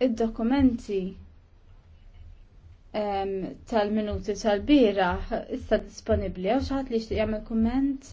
id-dokumenti tal-minuti tal-bira issa disponibli għaw xaħat li jagħmel kumment